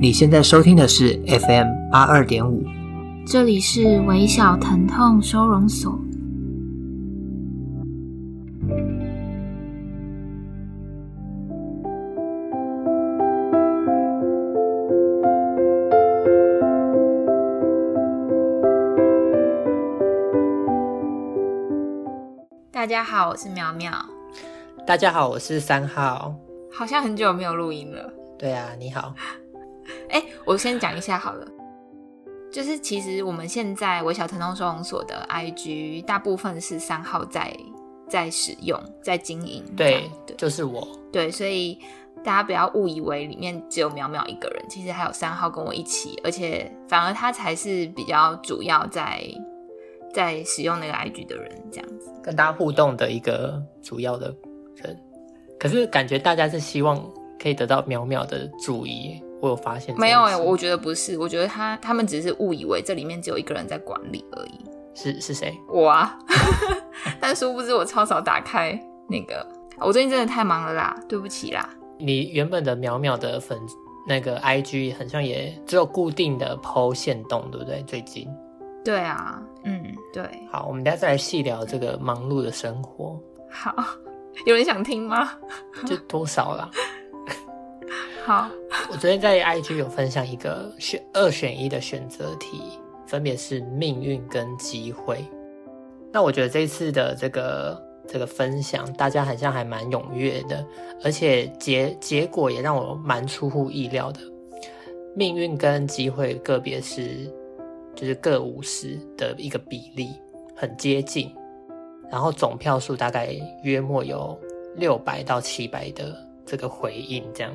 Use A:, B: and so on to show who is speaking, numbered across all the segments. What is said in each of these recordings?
A: 你現在收聽的是 FM 八二點五，
B: 這裡是微小疼痛收容所。大家好，我是苗苗。
A: 大家好，我是三號。
B: 好像很久沒有錄音了。
A: 對啊，你好。
B: 哎、欸，我先講一下好了，就是其實我們現在微小疼痛收容所的 IG 大部分是三號在在使用、在經營。對，
A: 對就是我。
B: 對，所以大家不要誤以為裡面只有淼淼一個人，其實還有三號跟我一起，而且反而他才是比較主要在在使用那個 IG 的人，這樣子
A: 跟大家互動的一個主要的人。可是感覺大家是希望可以得到淼淼的注意。我有發現沒有哎、
B: 欸。我覺得不是，我覺得他他們只是誤以為這裡面只有一個人在管理而已。
A: 是是誰？
B: 我啊， 但殊不知我超少打開那個。我最近真的太忙了啦，對不起啦。
A: 你原本的秒秒的粉那個 I G，好像也只有固定的 PO 限動對不對？最近。
B: 對啊，嗯，對。
A: 好，我們等下再來細聊這個忙碌的生活。嗯、
B: 好，有人想聽嗎？
A: 就多少啦。
B: 好。
A: 我昨天在 IG 有分享一個，選二選一的選擇題，分別是命運跟機會。那我覺得這次的這個這個分享，大家好像還蠻踴躍的，而且結結果也讓我蠻出乎意料的。命運跟機會個別是就是各五十的一個比例，很接近。然後總票數大概約莫有六百到七百的這個回應，這樣。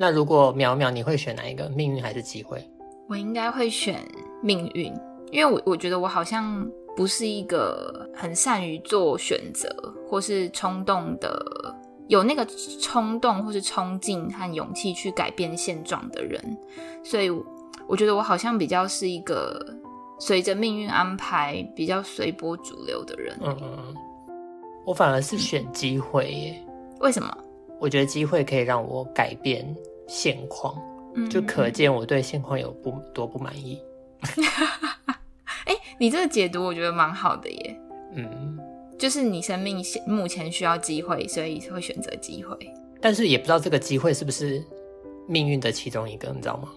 A: 那如果淼淼，你會選哪一個？命運還是機會？
B: 我應該會選命運，因為我我覺得我好像不是一個很善於做選擇或是衝動的，有那個衝動或是衝勁和勇氣去改變現狀的人，所以我覺得我好像比較是一個隨着命運安排、比較隨波逐流的人。嗯
A: 嗯，我反而是選機會耶，嗯，為什麼？我覺得機會可以讓我改變現況，
B: 就可見
A: 我對現況有不、嗯、有多不滿意。
B: 哎、 欸，你這個解讀我覺得蠻好的耶。嗯，就是你生命目前需要機會，所以會選擇機會。
A: 但是也不知道這個機會是不是命運的其中一個，你知道嗎？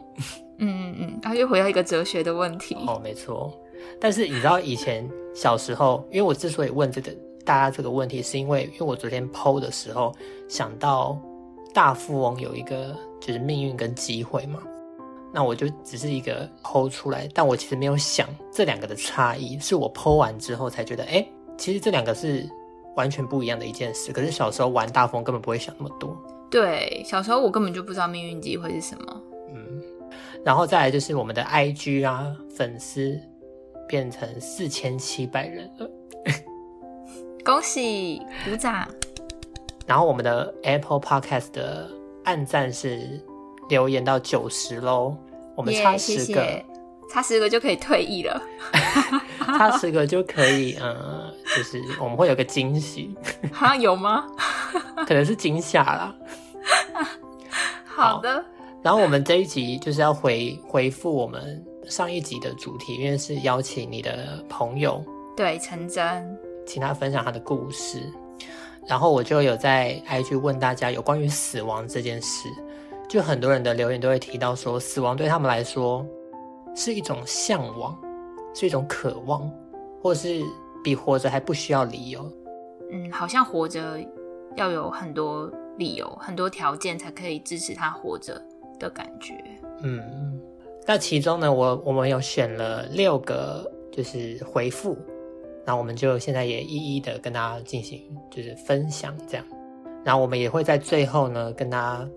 A: 嗯 嗯
B: 嗯，然、嗯、後、啊、又回到一個哲學的問題。哦，沒錯。但
A: 是你知道以前小時候， 因為我之所以問這個大家這個問題，是因為因為我昨天 po 的時候想到大富翁有一個。就是命運跟機會嘛，那我就只是一個 PO 出來，但我其實沒有想這兩個的差異，是我 PO 完之後才覺得，哎、欸，其實這兩個是完全不一樣的一件事。可是小時候玩大風根本不會想那麼多，
B: 對，小時候我根本就不知道命運機會是什麼。嗯，
A: 然後再來就是我們的 IG 啊，粉絲變成四千七百人
B: 了， 恭喜，鼓掌。
A: 然後我們的 Apple Podcast 的。讚讚是留言到九十咯，我們差十個，謝
B: 謝，差十個就可以退役了， 差十
A: 個就可以，呃、嗯，就是我們會有個驚喜，
B: 好像、啊、有嗎？
A: 可能是驚嚇啦。
B: 好，好的，
A: 然後我們這一集就是要回回覆我們上一集的主題，因為是邀請你的朋友，
B: 對，陳真，
A: 請他分享他的故事。然後我就有在 IG 問大家有關於死亡這件事，就很多人的留言都會提到說，死亡對他們來說是一種嚮往，是一種渴望，或是比活着還不需要理由。
B: 嗯，好像活着要有很多理由、很多條件才可以支持他活着的感覺。
A: 嗯，那其中呢，我我們有選了六個，就是回復。那我們就現在也一一的跟大家進行，就是分享這樣。然後我們也會在最後呢，跟大家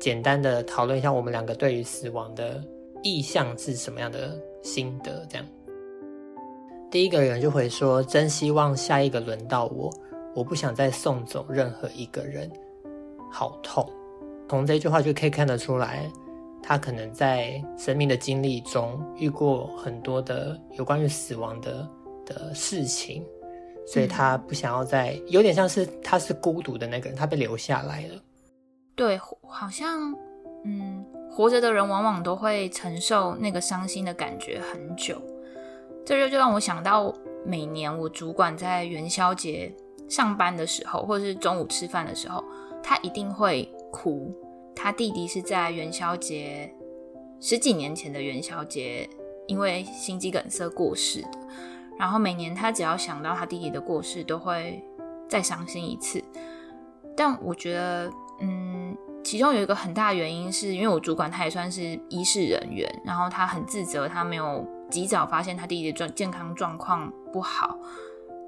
A: 簡單的討論一下，我們兩個對於死亡的意向是什麼樣的心得這樣。第一個人就會說：“真希望下一個輪到我，我不想再送走任何一個人，好痛。”從這句話就可以看得出來，他可能在生命的經歷中遇過很多的有關於死亡的。的事情，所以他不想要再、嗯、有點像是他是孤獨的那個人，他被留下來了。
B: 對，好像嗯，活着的人往往都會承受那個傷心的感覺很久。這就就讓我想到，每年我主管在元宵節上班的時候，或是中午吃飯的時候，他一定會哭。他弟弟是在元宵節十幾年前的元宵節，因為心肌梗塞過世的。然後每年他只要想到他弟弟的過世，都會再傷心一次。但我覺得，嗯，其中有一個很大的原因是，是因為我主管他也算是醫事人員，然後他很自責，他沒有及早發現他弟弟狀健康狀況不好。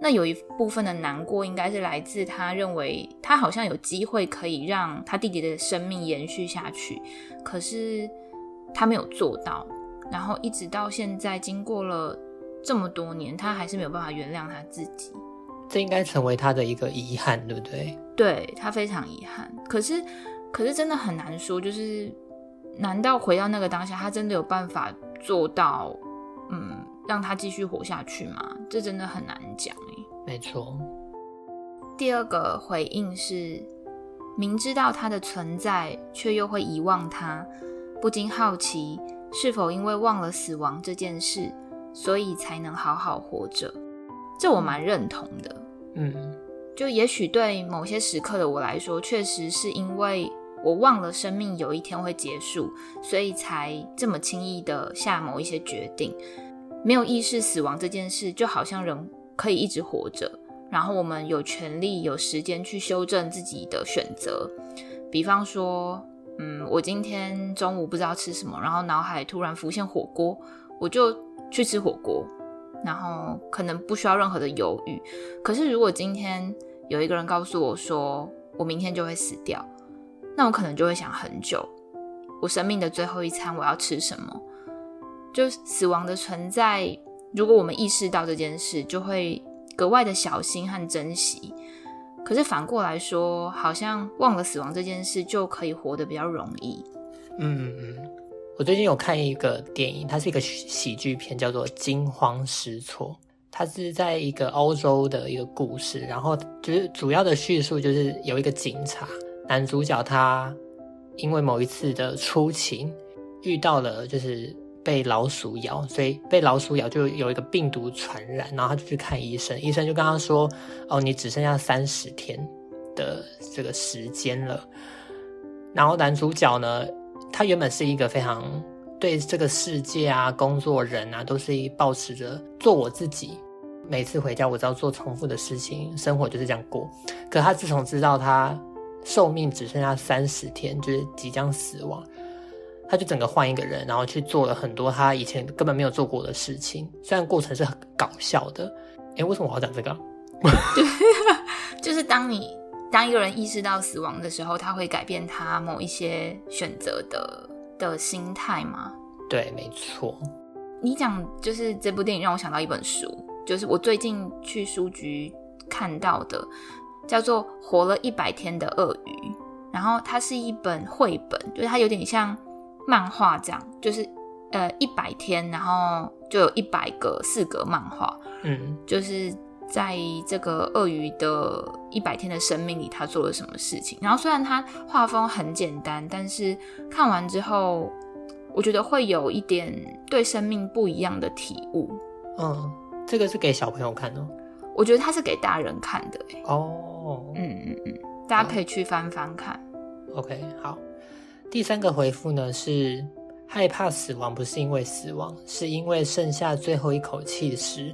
B: 那有一部分的難過，應該是來自他認為他好像有機會可以讓他弟弟的生命延續下去，可是他沒有做到。然後一直到現在，經過了。這麼多年，他還是沒有辦法原諒他自己。
A: 這應該成為他的一個遺憾，對不對？
B: 對，他非常遺憾。可是，可是真的很難說。就是，難道回到那個當下，他真的有辦法做到？嗯，讓他繼續活下去嗎？這真的很難講。沒錯。第二個回應是：明知道他的存在，卻又會遺忘他，不禁好奇，是否因為忘了死亡這件事？所以才能好好活着，這我蠻認同的。
A: 嗯，
B: 就也許對某些時刻的我來說，確實是因為我忘了生命有一天會結束，所以才這麼輕易的下某一些決定，沒有意識死亡這件事，就好像人可以一直活着，然後我們有權利、有時間去修正自己的選擇。比方說，嗯，我今天中午不知道吃什麼，然後腦海突然浮現火鍋，我就。去吃火鍋，然後可能不需要任何的猶豫。可是，如果今天有一個人告訴我說我明天就會死掉，那我可能就會想很久，我生命的最後一餐我要吃什麼？就死亡的存在，如果我們意識到這件事，就會格外的小心和珍惜。可是反過來說，好像忘了死亡這件事，就可以活得比較容易。嗯
A: 嗯嗯。我最近有看一個電影，它是一個喜劇片，叫做《驚慌失措》。它是在一個歐洲的一個故事，然後就是主要的敘述就是有一個警察男主角，他因為某一次的出勤遇到了就是被老鼠咬，所以被老鼠咬就有一個病毒傳染，然後他就去看醫生，醫生就跟他說：“哦，你只剩下三十天的這個時間了。”然後男主角呢？他原本是一個非常對這個世界啊、工作人啊，都是抱持着做我自己。每次回家，我都要做重複的事情，生活就是這樣過。可他自從知道他壽命只剩下三十天，就是即將死亡，他就整個換一個人，然後去做了很多他以前根本沒有做過的事情。雖然過程是很搞笑的，誒，為什麼我要講這個？對啊
B: 就是當你。當一個人意識到死亡的時候，他會改變他某一些選擇的的心態嗎？
A: 對，沒錯。
B: 你講就是這部電影讓我想到一本書，就是我最近去書局看到的，叫做《活了一百天的鱷魚》，然後它是一本繪本，就是它有點像漫畫這樣，就是呃一百天，然後就有一百個四格漫畫，嗯，就是。在這個鱷魚的一百天的生命裡，他做了什麼事情？然後雖然他畫風很簡單，但是看完之後，我覺得會有一點對生命不一樣的體悟。
A: 嗯，這個是給小朋友看的、哦。
B: 我覺得他是給大人看的、欸。哦，
A: 嗯嗯嗯，
B: 大家可以去翻翻看。
A: 好 OK，好。第三個回復呢，是害怕死亡，不是因為死亡，是因為剩下最後一口氣時。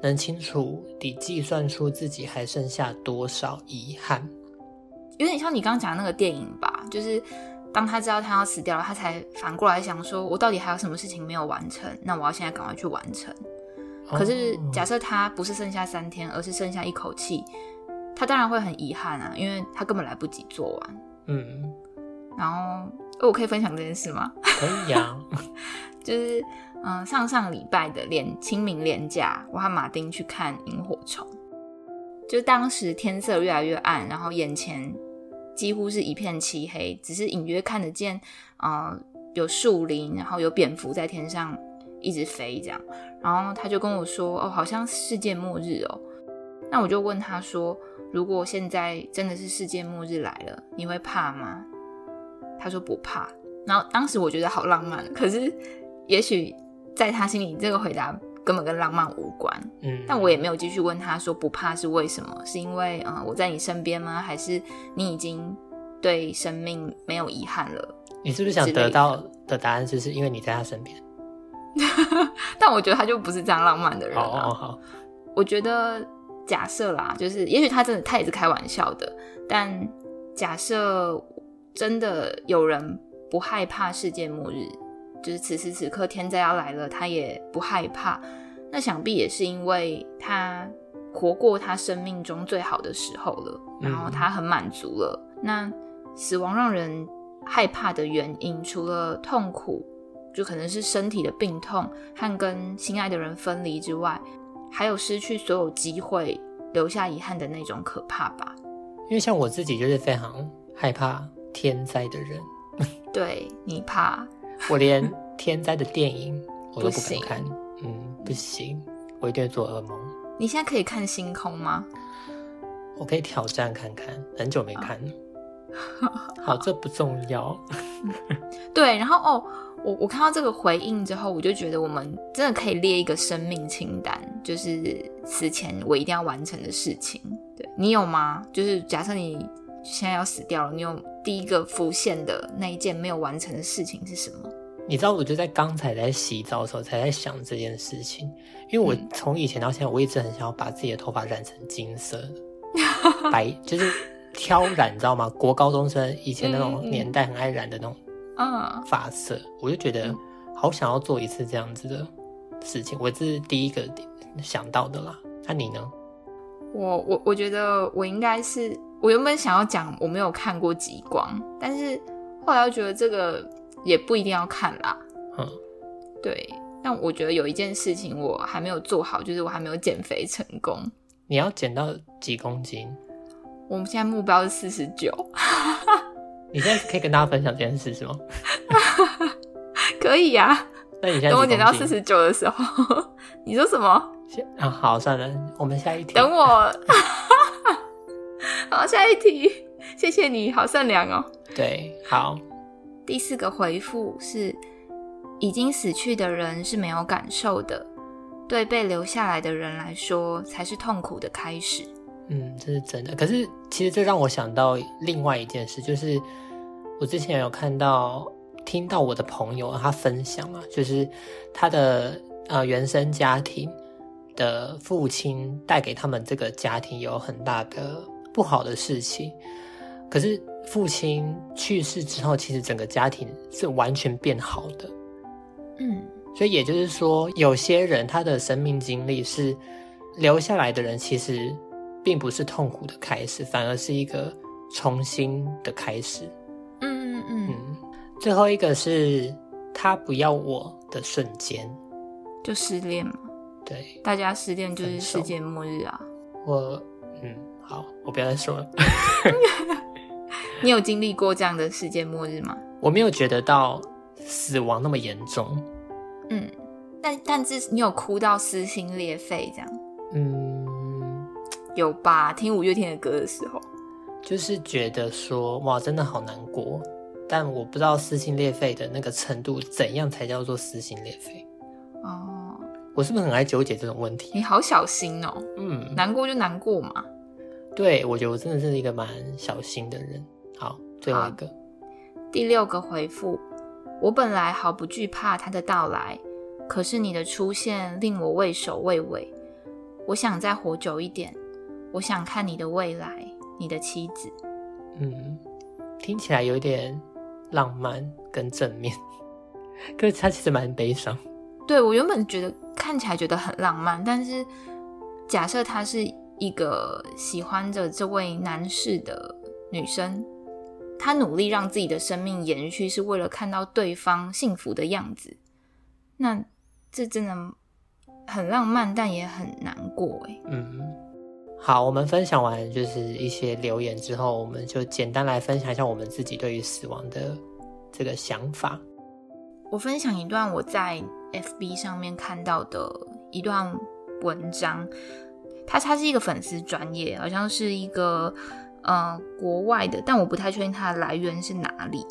A: 能清楚地計算出自己還剩下多少遺憾，
B: 有點像你剛剛講的那個電影吧？就是當他知道他要死掉了，他才反過來想說：“我到底還有什麼事情沒有完成？那我要現在趕快去完成。”
A: 嗯，可是，假
B: 設他不是剩下三天，而是剩下一口氣，他當然會很遺憾啊，因為他根本來不及做完。嗯。然後，欸、我可以分享這件事嗎？可以呀。 就是。嗯、呃，上上禮拜的連清明連假，我和馬丁去看螢火蟲。就當時天色越來越暗，然後眼前幾乎是一片漆黑，只是隱約看得見，啊、呃，有樹林，然後有蝙蝠在天上一直飛這樣。然後他就跟我說：“哦，好像世界末日哦、喔。”那我就問他說：“如果現在真的是世界末日來了，你會怕嗎？”他說不怕。然後當時我覺得好浪漫，可是也許。在他心裡，這個回答根本跟浪漫無關。嗯，但我也沒有繼續問他說不怕是為什麼？是因為啊、呃，我在你身邊嗎？還是你已經對生命沒有遺憾了？
A: 你是不是想得到的答案就是因為你在他身邊？
B: 但我覺得他就不是這樣浪漫的人好、啊，好，oh, oh, oh. 我覺得假設啦，就是也許他真的他也是開玩笑的。但假設真的有人不害怕世界末日。就是此時此刻天災要來了，他也不害怕。那想必也是因為他活過他生命中最好的時候了，然後他很滿足了。嗯。那死亡讓人害怕的原因，除了痛苦，就可能是身體的病痛和跟心愛的人分離之外，還有失去所有機會、留下遺憾的那種可怕吧？
A: 因為像我自己就是非常害怕天災的人。
B: 對，你怕。
A: 我連天災的電影我都不敢看，不行，嗯，不行，我一定會做噩夢。
B: 你現在可以看星空嗎？
A: 我可以挑戰看看，很久沒看了。啊、 好，好，這不重要。 嗯、
B: 對，然後哦，我我看到這個回應之後，我就覺得我們真的可以列一個生命清單，就是死前我一定要完成的事情。對，你有嗎？就是假設你。就現在要死掉了！你有第一個浮現的那一件沒有完成的事情是什麼？
A: 你知道，我就在剛才在洗澡的時候才在想這件事情，因為我從以前到現在，嗯、我一直很想要把自己的頭髮染成金色的 白，就是挑染， 你知道嗎？國高中生以前那種年代很愛染的那種啊髮色，嗯嗯嗯、我就覺得好想要做一次這樣子的事情。嗯、我這是第一個想到的啦。那、啊、你呢？
B: 我我我覺得我應該是。我原本想要講我沒有看過極光，但是後來又覺得這個也不一定要看啦。嗯，對，但我覺得有一件事情我還沒有做好，就是我還沒有減肥成功。
A: 你要減到幾公斤？
B: 我們現在目標
A: 是四十九。 你現在可以跟大家分享這件事，是嗎？
B: 可以呀、啊。那
A: 你現在等我減到四十
B: 九的時候， 你說什麼？
A: 啊，好，算了，我們下一
B: 天。等我。 好，下一題，謝謝你，好善良哦。對，好，第四個回復是，已經死去的人是沒有感受的，對被留下來的人來說才是痛苦的開始。
A: 嗯，這是真的。可是，其實這讓我想到另外一件事，就是我之前有看到、聽到我的朋友和他分享嘛，啊，就是他的呃原生家庭的父親帶給他們這個家庭有很大的。不好的事情，可是父親去世之後，其實整個家庭是完全變好的。嗯，所以也就是說，有些人他的生命經歷是留下來的人，其實並不是痛苦的開始，反而是一個重新的開始。嗯
B: 嗯嗯，嗯。
A: 最後一個是他不要我的瞬間，
B: 就失戀嘛？對，大家失戀就是世界末日啊！
A: 我嗯。好，我不要再說了。
B: 你有經歷過這樣的世界末日嗎？
A: 我沒有覺得到死亡那麼嚴重。嗯，
B: 但但是你有哭到撕心裂肺這樣？
A: 嗯，
B: 有吧。聽五月天的歌的時候，就是
A: 覺得說哇，真的好難過。但我不知道撕心裂肺的那個程度，怎樣才叫做撕心裂肺？哦，我是不是很愛糾結這種問題？
B: 你、欸、好小心哦、喔。嗯，難過就難過嘛。
A: 對，我覺得我真的是一個蠻小心的人。好，最後一個
B: 第六個回復，我本來毫不懼怕他的到來，可是你的出現令我畏首畏尾。我想再活久一點，我想看你的未來，你的妻子。
A: 嗯，聽起來有點浪漫跟正面，可是他其實蠻悲傷。
B: 對我原本覺得看起來覺得很浪漫，但是假設他是。一個喜歡着這位男士的女生，她努力讓自己的生命延續，是為了看到對方幸福的樣子。那這真的很浪漫，但也很難過。
A: 嗯，好，我們分享完就是一些留言之後，我們就簡單來分享一下我們自己對於死亡的這個想法。
B: 我分享一段我在 FB 上面看到的一段文章。他他是一個粉絲專頁，好像是一個呃國外的，但我不太確定他的來源是哪裡。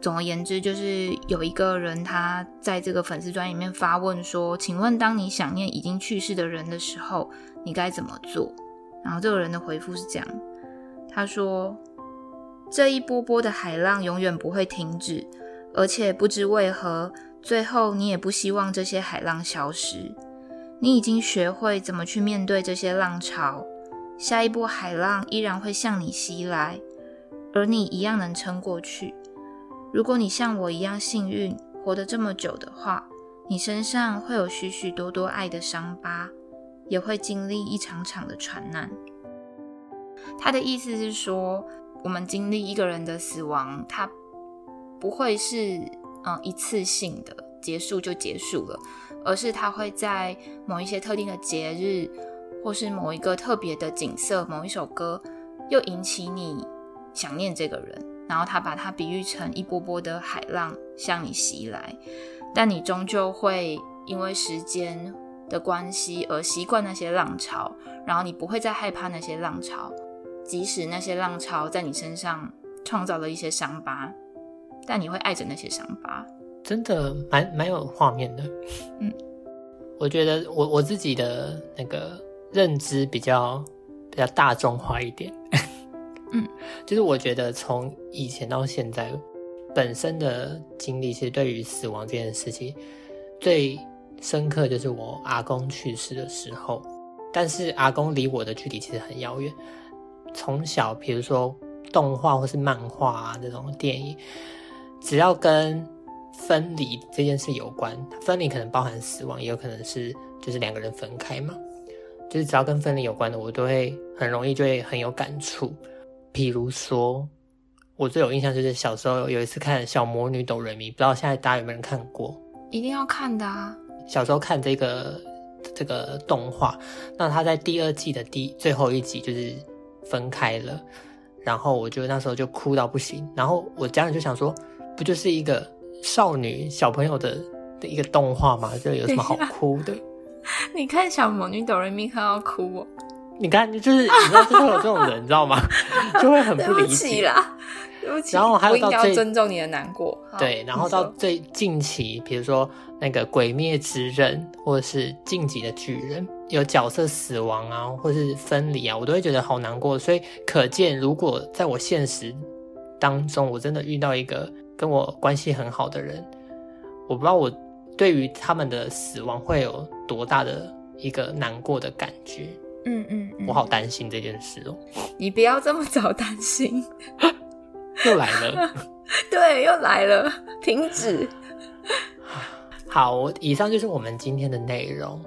B: 總而言之，就是有一個人他在這個粉絲專頁裡面發問說：“請問當你想念已經去世的人的時候，你該怎麼做？”然後這個人的回復是這樣，他說：“這一波波的海浪永遠不會停止，而且不知為何，最後你也不希望這些海浪消失。”你已經學會怎麼去面對這些浪潮，下一波海浪依然會向你襲來，而你一樣能撐過去。如果你像我一樣幸運，活得這麼久的話，你身上會有許許多多愛的傷疤，也會經歷一場場的船難。他的意思是說，我們經歷一個人的死亡，他不會是嗯，一次性的結束就結束了。而是他會在某一些特定的節日，或是某一個特別的景色，某一首歌，又引起你想念這個人，然後他把它比喻成一波波的海浪向你襲來，但你終究會因為時間的關係而習慣那些浪潮，然後你不會再害怕那些浪潮，即使那些浪潮在你身上創造了一些傷疤，但你會愛着那些傷疤。
A: 真的蠻蠻有畫面的，嗯，我覺得我我自己的那個認知比較比較大眾化一點，嗯， 就是我覺得從以前到現在，本身的經歷，其實對於死亡這件事情最深刻，就是我阿公去世的時候。但是阿公離我的距離其實很遙遠，從小比如說動畫或是漫畫啊這種電影，只要跟分離這件事有關，分離可能包含死亡，也有可能是就是兩個人分開嘛，就是只要跟分離有關的，我都會很容易就會很有感觸。比如說，我最有印象就是小時候有一次看《小魔女 DoReMi》，不知道現在大家有沒有人看過？
B: 一定要看的啊！
A: 小時候看這個這個動畫，那他在第二季的第最後一集就是分開了，然後我就那時候就哭到不行，然後我家人就想說，不就是一個。少女小朋友的的一個動畫嘛，就有什麼好哭的？
B: 你看小魔女哆瑞咪，她要哭哦，哦你看，就是你知道後、就是、有這種
A: 人 你知道嗎？就會很不理解啦，然
B: 後還有到最，要尊重你的難過。對，然後到
A: 最近期，比如說那個《鬼滅之刃》或者是《進擊的巨人》，有角色死亡啊，或是分離啊，我都會覺得好難過。所以可見，如果在我現實當中，我真的遇到一個。跟我關係很好的人，我不知道我對於他們的死亡會有多大的一個難過的感覺。
B: 嗯,嗯嗯，我
A: 好擔心這件事哦、喔。
B: 你不要這麼早擔心，
A: 又來了，
B: 對，又來了，停止、嗯。
A: 好，以上就是我們今天的內容。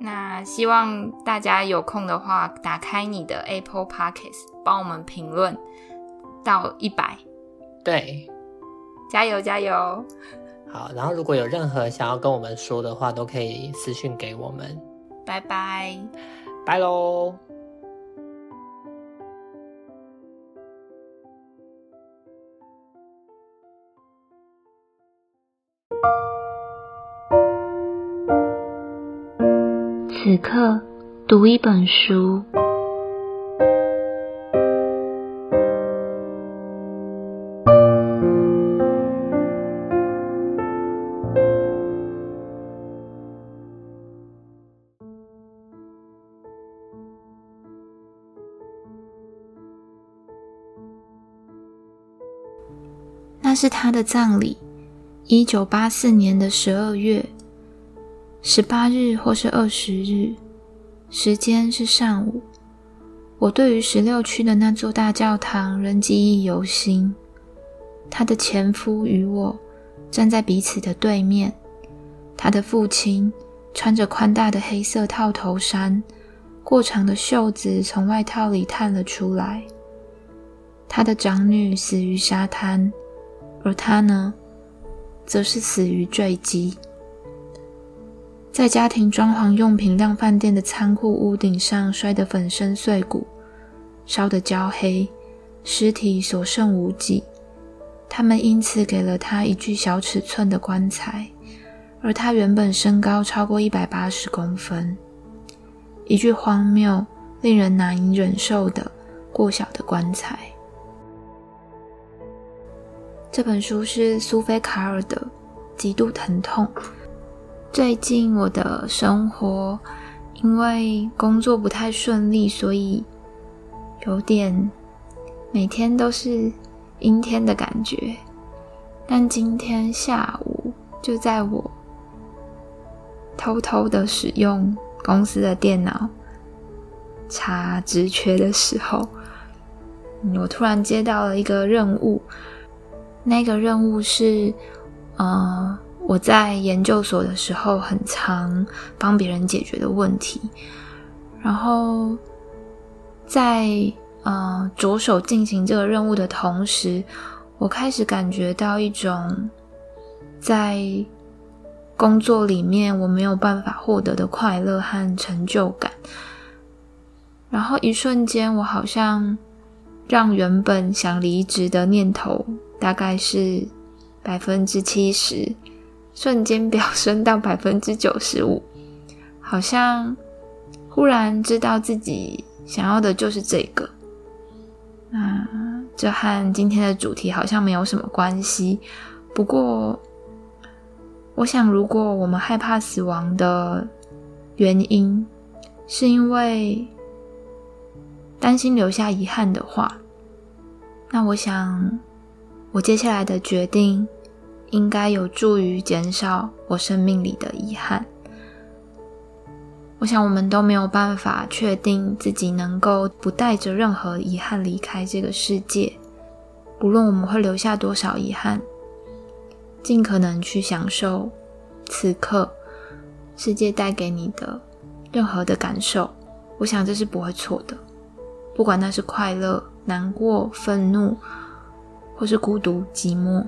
B: 那希望大家有空的話，打開你的 Apple Podcast，幫我們評論到一百。
A: 對。
B: 加油加油！加油，
A: 好，然後如果有任何想要跟我們說的話，都可以私訊給我們。
B: 拜拜，拜嘍拜。拜咯此刻讀一本書。這是他的葬禮，一九八四年的十二月十八日或是二十日，時間是上午。我對於十六區的那座大教堂仍記憶猶新。他的前夫與我站在彼此的對面。他的父親穿着寬大的黑色套頭衫，過長的袖子從外套裡探了出來。他的長女死於沙灘。而他呢，則是死於墜機，在家庭裝潢用品量販店的倉庫屋頂上摔得粉身碎骨，燒得焦黑，屍體所剩無幾。他們因此給了他一具小尺寸的棺材，而他原本身高超過一百八十公分，一具荒謬、令人難以忍受的過小的棺材。這本書是蘇菲·卡爾的《極度疼痛》。最近我的生活因為工作不太順利，所以有點每天都是陰天的感覺。但今天下午，就在我偷偷的使用公司的電腦查職缺的時候，我突然接到了一個任務。那個任務是，呃，我在研究所的時候很常幫別人解決的問題。然後在，在呃着手進行這個任務的同時，我開始感覺到一種在工作裡面我沒有辦法獲得的快樂和成就感。然後，一瞬間，我好像讓原本想離職的念頭。大概是百分之七十，瞬間飆升到百分之九十五，好像忽然知道自己想要的就是這個。那，啊，這和今天的主題好像沒有什麼關係。不過，我想，如果我們害怕死亡的原因是因為擔心留下遺憾的話，那我想。我接下來的決定應該有助於減少我生命裡的遺憾。我想我們都沒有辦法確定自己能夠不帶着任何遺憾離開這個世界，無論我們會留下多少遺憾，盡可能去享受此刻世界帶給你的任何的感受。我想這是不會錯的，不管那是快樂、難過、憤怒。或是孤獨、寂寞。